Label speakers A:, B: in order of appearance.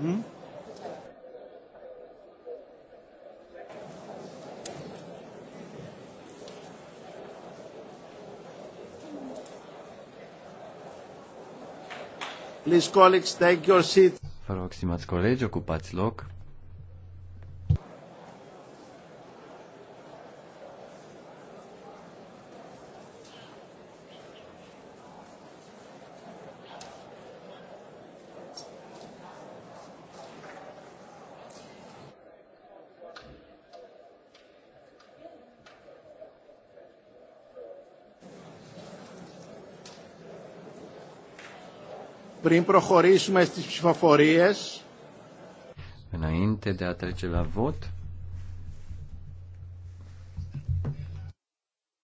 A: Hmm?
B: Please, colleagues, take your seat.
C: Vă rog, stimați colegi, ocupați loc.
D: Πριν προχωρήσουμε στις ψηφοφορίες.
E: Înainte de a trece la vot,